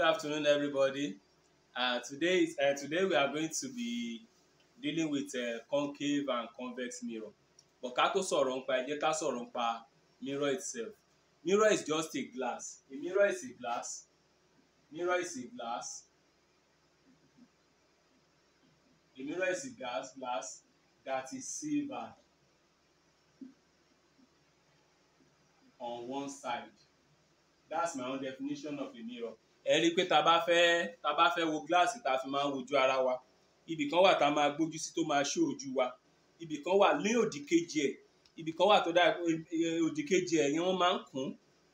Good afternoon, everybody. Uh, today, is, uh, today we are going to be dealing with uh, concave and convex mirror. But ká tó sọ̀rọ̀ nípa ẹ jẹ́ ká sọ̀rọ̀ nípa mirror itself. Mirror is just a glass. A mirror is a glass. Mirror is a glass. A mirror is a glass, glass that is silver on one side. That's my own definition of a mirror. ẹ rí pé tá bá fẹ́ wo gíláàsì ta fi máa ń wojú ara wa ibì kan wà tá a máa gbójú sí tó máa ṣó ojú wa ibì kan wà ní òdì kejì ẹ̀ ibì kan wà tó dáa òdì kejì ẹ̀ yẹn wọ́n máa ń kún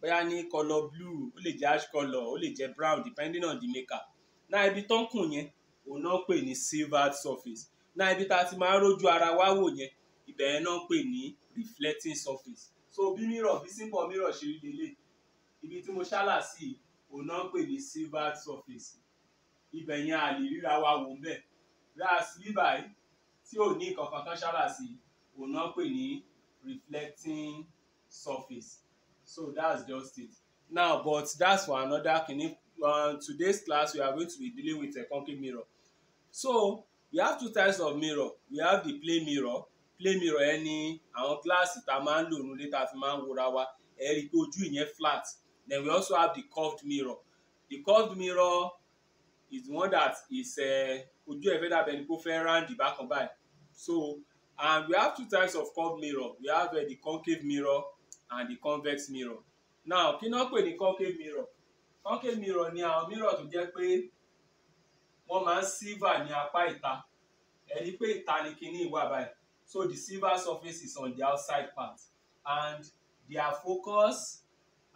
bóyá ní color blue ó lè jẹ́ ash color ó lè jẹ́ brown depending on the maker náà ibi tó ń kùn yẹn òun náà pè ní silvered surface náà ibi ta a ti máa ń rójú ara wa wò yẹn ibẹ̀ yẹn náà pè ní reflecting surface so bí mírọ̀ bí simple mírọ̀ ṣe lélẹ̀ ibi tí mo ṣálà sí òun náà pè ní silver surface ibẹ̀ yẹn a lè ríra wa wò ń bẹ̀ ras bíbà yìí tí ò ní kankan kan ṣára sí òun náà pè ní reflecting surface so that's just it now but that's for another kini on uh, today's class we are going to be dealing with a concave mirror so we have two types of mirror we have the plain mirror Plain mirror ẹni àwọn gíláàsì tá a máa ń lò nílé tá a fi máa ń wora wa ẹ rí i pé ojú ìyẹn flat Then we also have the curved mirror. The curved mirror is the one that is eh, ojú ẹ̀ fẹ́ dàbẹ̀ ni kó fẹ́ round and back. So and we have two types of curved mirror. We have uh, the concave mirror and the convex mirror. Now kí náà pè ní concave mirror? Concave mirror ni àwọn mirror tó jẹ́ pé wọ́n máa ń silver ní apá ìta ẹni pé ìta ni kíní ìwà báyìí so the silver surface is on the outside part and their focus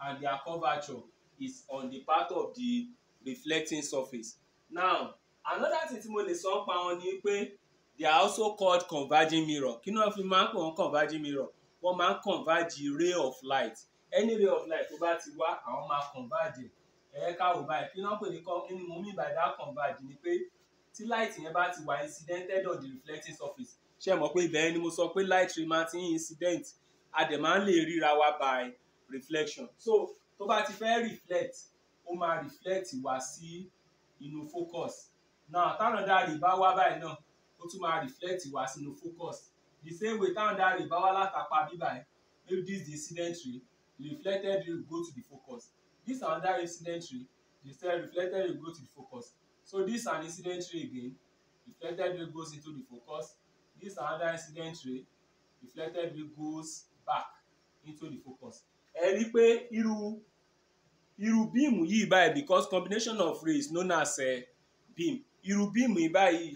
and their curvature is on the part of the reflecting surface. Now, another thing tí mo lè sọ ń pa wọn ni pé they are also called converging mirror. Kí náà fi máa ń pè wọ́n converging mirror? Wọ́n máa ń converge ray of light. Any ray of light tó bá ti wá, àwọn máa converge ẹ̀ ẹ̀ ká wò báyìí. Kí náà pè ní kọ́ kí ni mo mean by that converge ni pé tí light yẹn bá ti wà incidented on the reflecting surface. Ṣé ẹ mọ̀ pé ibẹ̀ ni mo sọ pé light ray máa ti incident? A dẹ̀ máa ń lè ríra wa by reflection so tó bá ti fẹ́ reflect ó máa reflect wá sí inú focus Now, táwọn dáàrí bá wá báyìí náà ó tún máa reflect wá sínú focus the same way táwọn dáàrí bá wá látàpá bíbáyìí maybe this the incident ray reflected ray go to the focus this another incident ray the same reflected ray go to the focus so this an incident ray again reflected ray goes into the focus this another incident ray reflected ray goes back into the focus ẹ rí pé irú irú bíìmù yìí báyìí because combination of rays known as uh, beam irú bíìmù yìí báyìí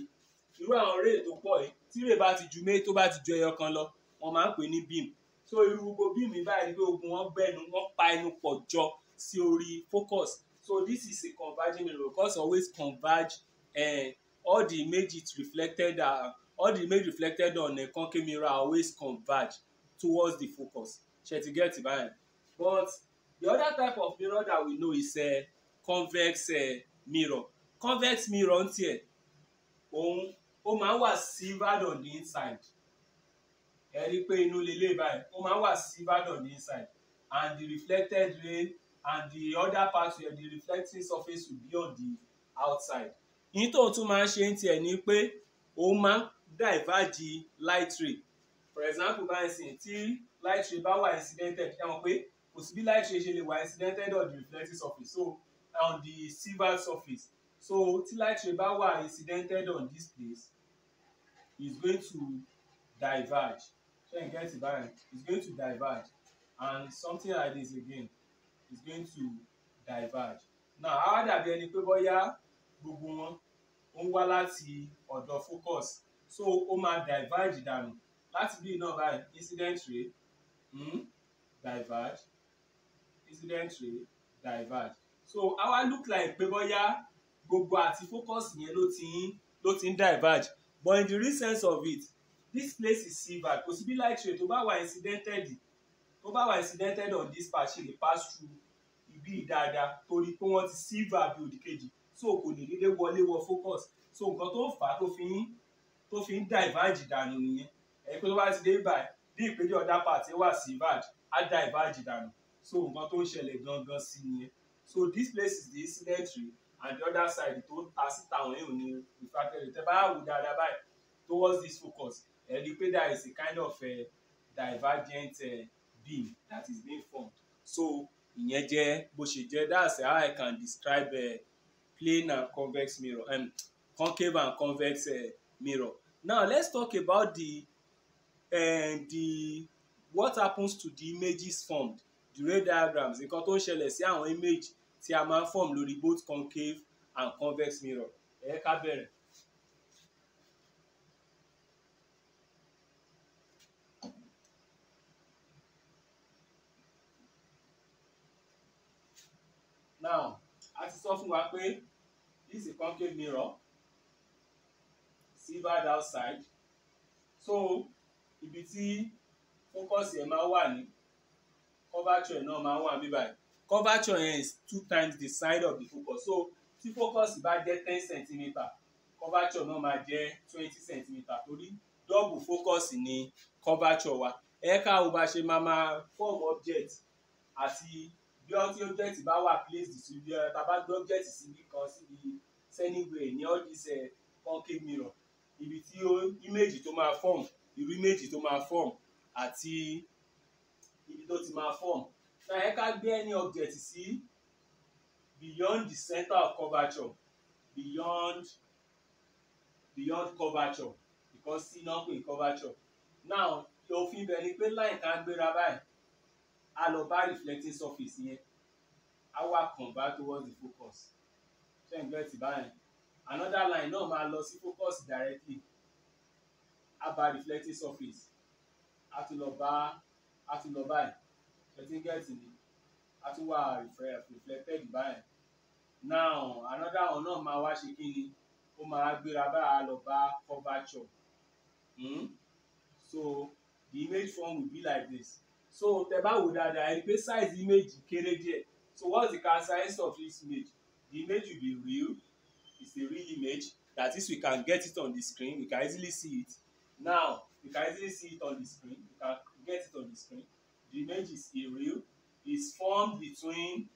irú àwọn ray tó pọ̀ yìí tí ray bá ti ju mé tó bá ti ju ẹyọ kan lọ wọ́n máa ń pè ní beam so irú gbogbo bíìmù yìí báyìí pé ogun wọn gbẹnu wọn pa ẹnu pọ̀ jọ sí orí focus so this is a converging mirror because always converge uh, all the image it reflected Uh, all the image reflected on a concave mirror always converge towards the focus ṣe ti get it báyìí But the other type of mirror that we know is uh, convex uh, mirror. Convex mirror ń tiẹ̀ òun ó máa ń silvered on the inside. Ẹ rí i pé inú lélẹ̀ báyìí ó silvered on the inside and the reflected ray and the other part where the reflecting surface will be on the outside. In tó tún máa ń ṣe ni pé òun máa diverge light ray. For example báyìí sìn light ray bá wà incidented can mọ̀ kò sí bí light ṣe lè wà incidented on the reflecting surface so on the silver surface so tí light ṣe bá wà incidented on this place is going to diverge ṣé n get it báyìí is going to diverge and something like this again is going to diverge now á dàbí ẹni pé bóyá gbogbo wọn ó ń wá láti ọ̀dọ̀ focus so ó máa diverge dànù láti bí iná báyìí incident ray mm, diverge incident rate diverge so our look like pé bóyá gbogbo àti focus yẹn ló ti ń ló ti ń diverge but in the real sense of it this place is silvered kò sí bí light ray tó bá wà incidented tó bá wà incidented on this part ṣe lè pass through ibi dáadáa torí pé wọ́n ti silver bí òdì kejì so kò ní dédé wọlé wọ focus so nǹkan tó fà á tó fi ń tó fi ń diverge dànù nìyẹn ẹ̀yin pé tó bá ti dé báyìí bí ìpèdè ọ̀dà part wà silvered á diverge dànù so nǹkan tó ń ṣẹlẹ̀ gangan sí nìyẹn so this place is the incidentary and the other side tó ta síta wọn yóò ní refractory tẹ bá wù dáadáa báyìí towards this focus ẹ rí i pé there is a kind of a eh, divergent uh, beam that is being formed so ìyẹn jẹ́ bó ṣe jẹ́ that's how I can describe a eh, plane and convex mirror um, concave and convex uh, mirror now let's talk about the uh, the what happens to the images formed Ray diagrams nǹkan tó ń ṣẹlẹ̀ sí àwọn image tí a máa ń form lórí both concave and convex mirror ẹ ká bẹ̀rẹ̀. now a ti sọ fún wa pé this is a concave mirror silvered outside so ibi tí fókọ̀sì ẹ̀ máa wà ní curvature náà máa ń wà bí báyìí curvature is two times the side of the focus so tí focus bá jẹ́ ten centimeter curvature náà máa jẹ́ twenty centimeter torí double focus ni curvature wa ẹ̀ka wo bá ṣe máa máa form object àti bí ọtí object bá wà placed síbi ẹ tá a bá gbé object síbi kan síbi anywhere ní all this uh, concave mirror ibi tí ó image tó máa form irú image tó máa form àti ibi tó ti máa form ṣàyẹ ká gbé any object sí beyond the center of curvature beyond beyond curvature because c náà pè curvature now òfin ibẹ̀ ni pé line ká gbéra báyìí a lọ bá reflecting surface yẹn a wá kàn bá towards the focus ṣé n gbẹ́ ti báyìí another line náà máa lọ sí focus directly a bá reflecting surface a tún lọ bá a ti lọ báyìí ẹtígẹ́ẹ̀tì ni a ti wà reflected báyìí now another one náà máa wá ṣe kí ni ó máa gbéra báyà lọ bá curvature hmm? so the image form will be like this so tẹ bá wò dáadáa ẹni pé size image kéré díẹ̀ so what's the size of this image the image will be real it's a real image that is we can get it on the screen we can easily see it now we can easily see it on the screen we can get it on the screen. The image is aerial. It's formed between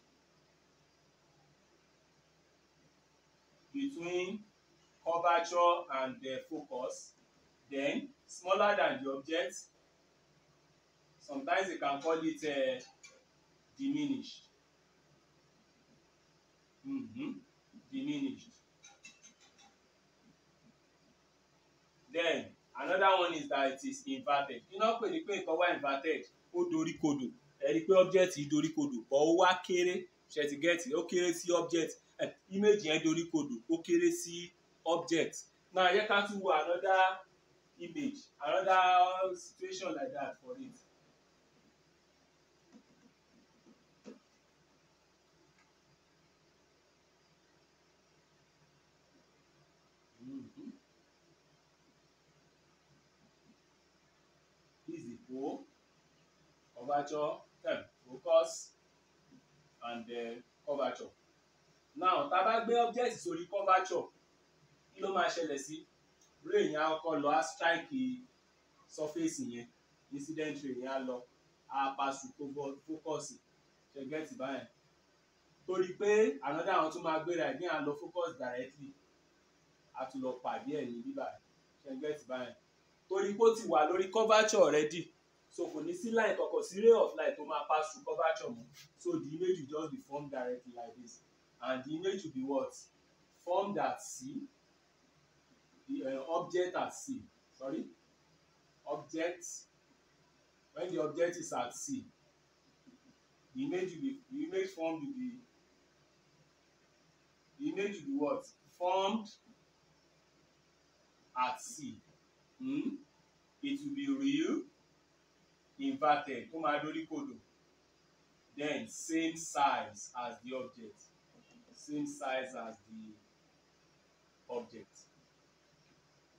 between curvature and the focus. Then smaller than the object. Sometimes they can call it uh, diminished. Mm -hmm. Diminished. Then another one is that it is inverted iná pè ní pé nǹkan wá inverted ó dorí kodò ẹni pé object yìí dorí kodò bọ́ ó wá kéré ṣe ti get ó kéré sí object image yẹn dorí kodò ó kéré sí object now yẹ ká tún wo another image another situation like that for it. Mm-hmm. go, curvature, um, focus and uh, Now tá a bá gbé object sórí curvature kí ló máa ṣẹlẹ̀ sí? Ray yẹn á kọ́ lọ á strike surface yẹn incident ray yẹn á lọ á pass through focus ṣe get it by. torí pé another àwọn tún máa gbéra ẹ̀ ní à ń lọ focus directly a tún lọ pàdé ẹ̀ ní bíbá ṣe get báyẹn torí pé ó ti wà lórí curvature already so kò ní sí line kankan sí ray of light tó máa pass through curvature mu so the image will just be formed directly like this and the image will be what formed at C the uh, object at C sorry object when the object is at C the image will be the image formed will be the image will be what formed at C hmm? it will be real inverted ó máa dórí kodò then same size as the object same size as the object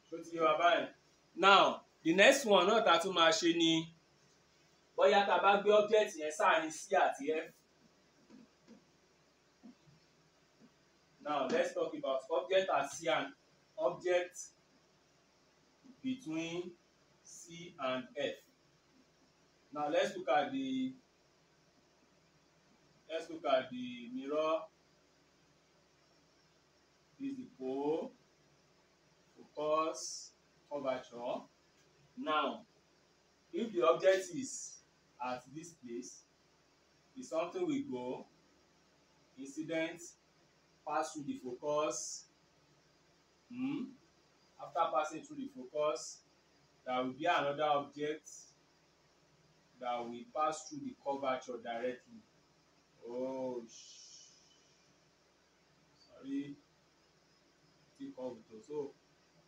tó ti yẹ wá báyìí now the next one náà ta tún máa ṣe ni bóyá ta bá gbé object yẹn sáàrin c àti f now let's talk about object at c and object between c and f Now let's look at the let's look at the mirror. This is the pole, focus, curvature. Now, if the object is at this place, the something will go incident, pass through the focus. Hmm? After passing through the focus, there will be another object that will pass through the curvature directly. Oh, sorry, of it. So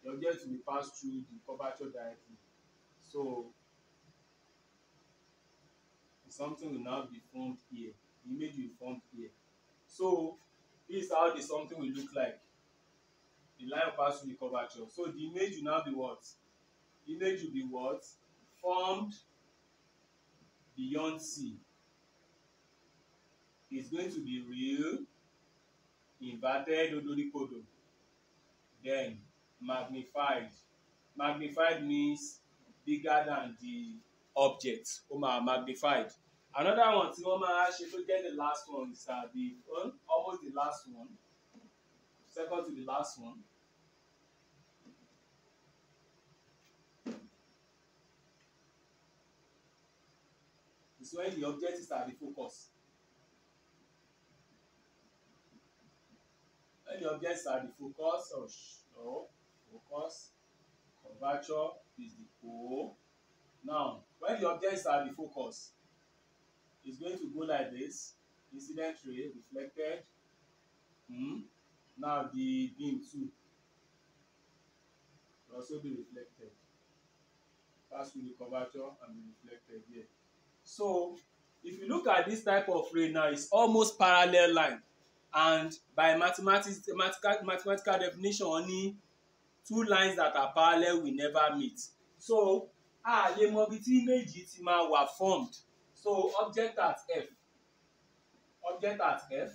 the object will passed through the curvature directly. So something will now be formed here. The image will be formed here. So this is how the something will look like. The line pass through the curvature. So the image will now be what? The image will be what? Formed beyond sea is going to be real inverted odorikodo then magnified magnified means bigger than the object ó máa magnified another one tí wọ́n máa ṣe tó jẹ́ the last one is uh, the uh, almost the last one second to the last one is when the objectives are the focus when the objectives are the focus or show focus curvature is the pole now when the objectives are the focus is going to go like this incident ray reflected hmm? now the beam too will also be reflected pass through the curvature and be reflected here. So if you look at this type of ray now, it's almost parallel line. And by mathematics, mathematical, mathematical definition, only two lines that are parallel will never meet. So ah, the mobility image were formed. So object at F object at F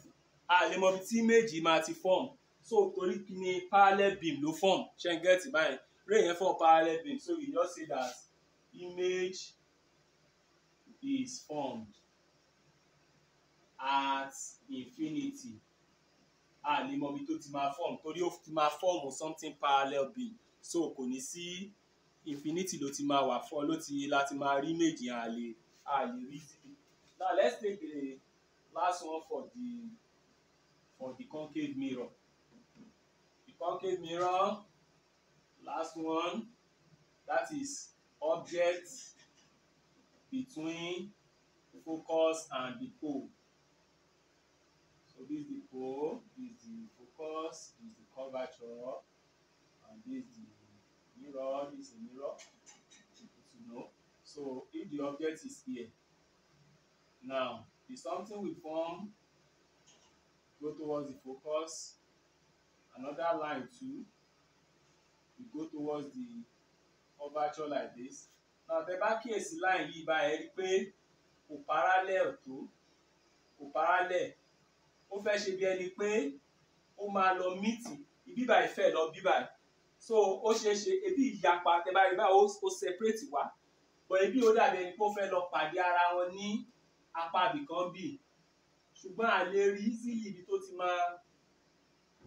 ah, the mobility image tí méjì ti form. So torí kí ni parallel beam ló form? Ṣé n gẹ́tì báyìí? Ray yẹn form parallel beam so we just say that image is formed at infinity a lè mọ ibi tó ti máa form torí ó ti máa form something parallel b so kò ní sí infinity ló ti máa wà fún ọ ló ti láti máa rí méjì a lè a lè rí síbi now let's take the last one for the for the concave mirror the concave mirror last one that is object between the focus and the pole. So this is the pole, this is the focus, this is the curvature, and this is the mirror, this is the mirror. you know. So if the object is here, now the something we form, go towards the focus, another line too, we go towards the curvature like this, tẹ bá kíyèsí láì yí ibà ẹ rí pé kò parallel tó kò parallel ó fẹ́ ṣe bí ẹni pé ó máa lọ mítì ibíbà ìfẹ́ lọ bíbà so ó ṣeé ṣe ebi ìyapa tẹ bá rí báyìí ó separate wá bọ̀ ebi ó dàbí ẹni pé ó fẹ́ lọ pàdé ara wọn ní apá ibìkan bì ṣùgbọ́n a rí sí ibi tó ti máa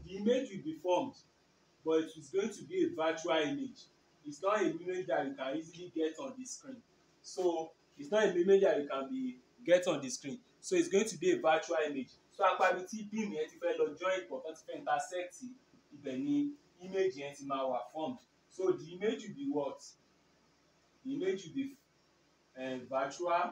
the image will be formed but it is going to be a virtual image it's not a image that you can easily get on the screen so it's not a image that you can be get on the screen so it's going to be a virtual image so apábi tí beam yẹn ti fẹ́ lọ join for tó ti fẹ́ intersect ibẹ̀ ni image yẹn ti máa wà formed so the image will be what the image will be uh, virtual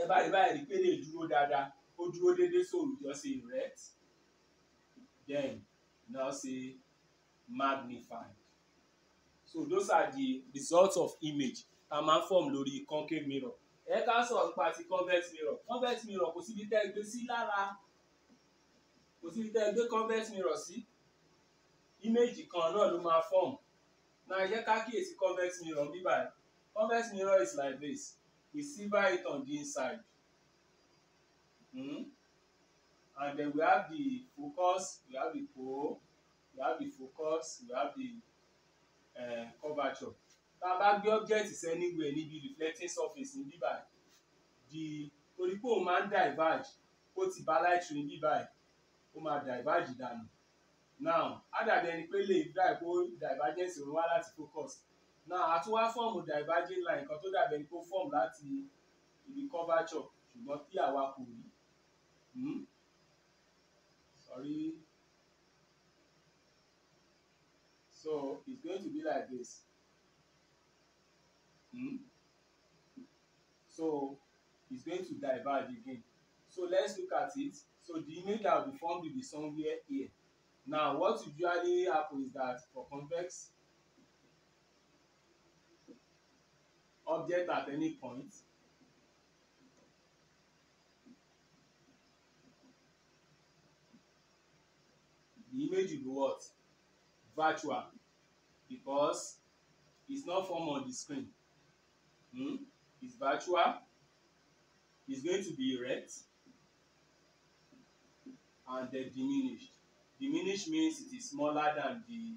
ẹ bá rí báyìí rí pé lè dúró dáadáa ó dúró déédéé so we just then now say magnified so those are the results of image a máa ń form lórí concave mirror ẹ ká sọ̀rọ̀ nípa ti convex mirror convex mirror kò síbi tẹ́ ẹ gbé sí lára kò síbi tẹ́ ẹ gbé convex mirror sí image kan náà ló máa form náà yẹ ká kíyèsí convex mirror bí báyìí convex mirror is like this we silver it on the inside. Mm -hmm and then we have the focus we have the pole we have the focus we have the uh, curvature tá a bá gbé object is anywhere níbi reflecting surface ní bíbá di torí pé òun máa ń diverge ó ti bá light ray bíbá ó máa diverge dànù now ádàbí ẹni pé lè drive ó divergence òun wá láti focus now a tún wá fọ́ọ̀mù diverging line kan tó dàbí ẹni pé ó fọ́ọ̀mù láti ibi curvature ṣùgbọ́n tí àwa kò rí hmm? Sorry. So it's going to be like this. Hmm? So it's going to diverge again. So let's look at it. So the image that will be formed will be somewhere here. Now what usually happen is that for convex object at any point made you what? Virtual. Because it's not form on the screen. Hmm? It's virtual. It's going to be erect. And then diminished. Diminished means it is smaller than the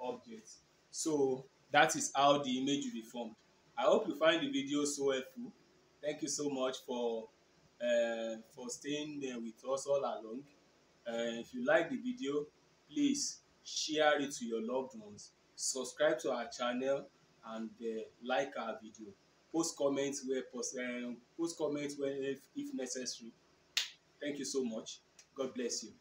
object. So that is how the image will be formed. I hope you find the video so helpful. Thank you so much for uh, for staying there with us all along. Uh, if you like the video, Please share it to your loved ones. Subscribe to our channel and uh, like our video. Post comments where possible. um, post comments where if, if necessary. Thank you so much. God bless you.